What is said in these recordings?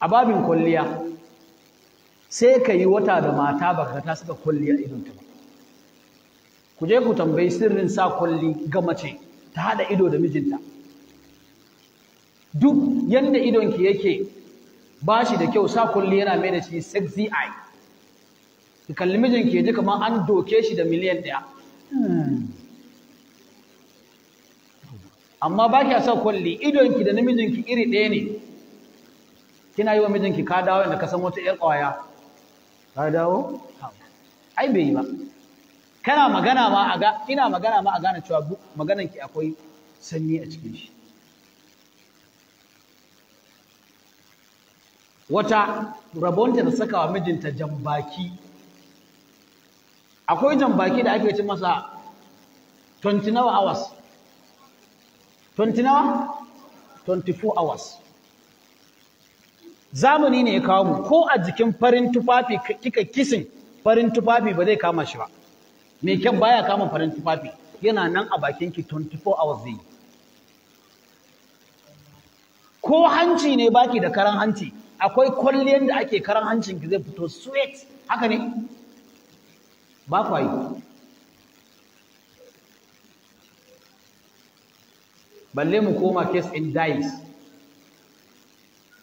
a babin kwalliya sai ka yi wata da mata ba ka ta suka kwalliya idonta ba ku je ku tambayi sirrin sa kwalli ga mace ta haɗa ido da mijinta duk yadda idonki yake ba shi da kyau sa kwalli yana mai da shi sexy eye ki kalli mijinki ya ji kamar an doke shi da miliyan ɗaya hmm. amma ba kya sa kwalli idonki da namijinki iri ɗaya ne kina yi wa mijinki ka dawo inda ka san wata ƴar ƙwaya ka dawo ai bai yi ba kana magana ma a ga ina magana ma a gane cewa maganar ki akwai sanyi a cikin shi wata rabonta da saka wa mijinta jambaki akwai jambaki da ake ci masa 29 hours 29 24 hours zamani ne ya kawo mu ko a jikin farin tufafi kika kisin farin tufafi ba zai kama shi ba me kyan baya kama farin tufafi yana nan a bakin ki 24 hours zai ko hanci ne baki da karan hanci akwai kwalliyar da ake karan hancin ki zai fito sweet haka ne ba kwa yi balle mu koma case in dice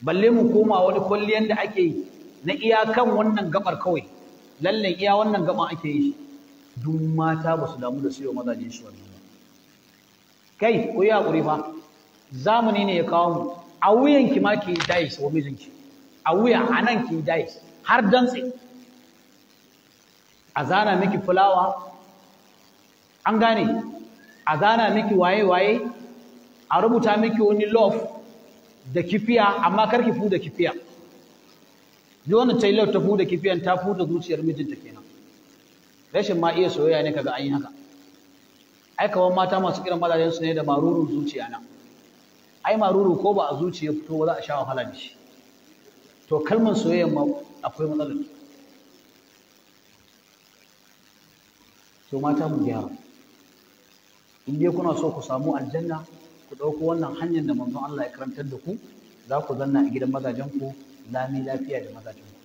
balle mu koma wani kwalliyan da ake yi na iyakan wannan gabar kawai lalle iya wannan gaba ake yi duk mata ba su damu da su wa mazaje su wannan kai ku yi hakuri fa zamani ne ya kawo mu a wuyan ki ma ki dais wa mijinki a wuya a nan ki dais har dantse a zana miki fulawa an gane a zana miki waye-waye a rubuta miki wani love da kifiya amma kar ki fuda kifiya duk wannan tailar ta fuda kifiyan ta fuda zuciyar mijinta kenan rashin ma iya soyayya ne kaga an yi haka ai kawai mata masu kiran mazajen su ne da marurun zuciya na ai maruru ko ba a zuciya fito ba za a sha wahala da shi to kalmar soyayya ma akwai matsalar to mata mu gyara in dai kuna so ku samu aljanna ku ɗauko wannan hanyar da manzon Allah ya karantar da ku za ku zanna a gidan mazajen ku lami lafiya da mazajen ku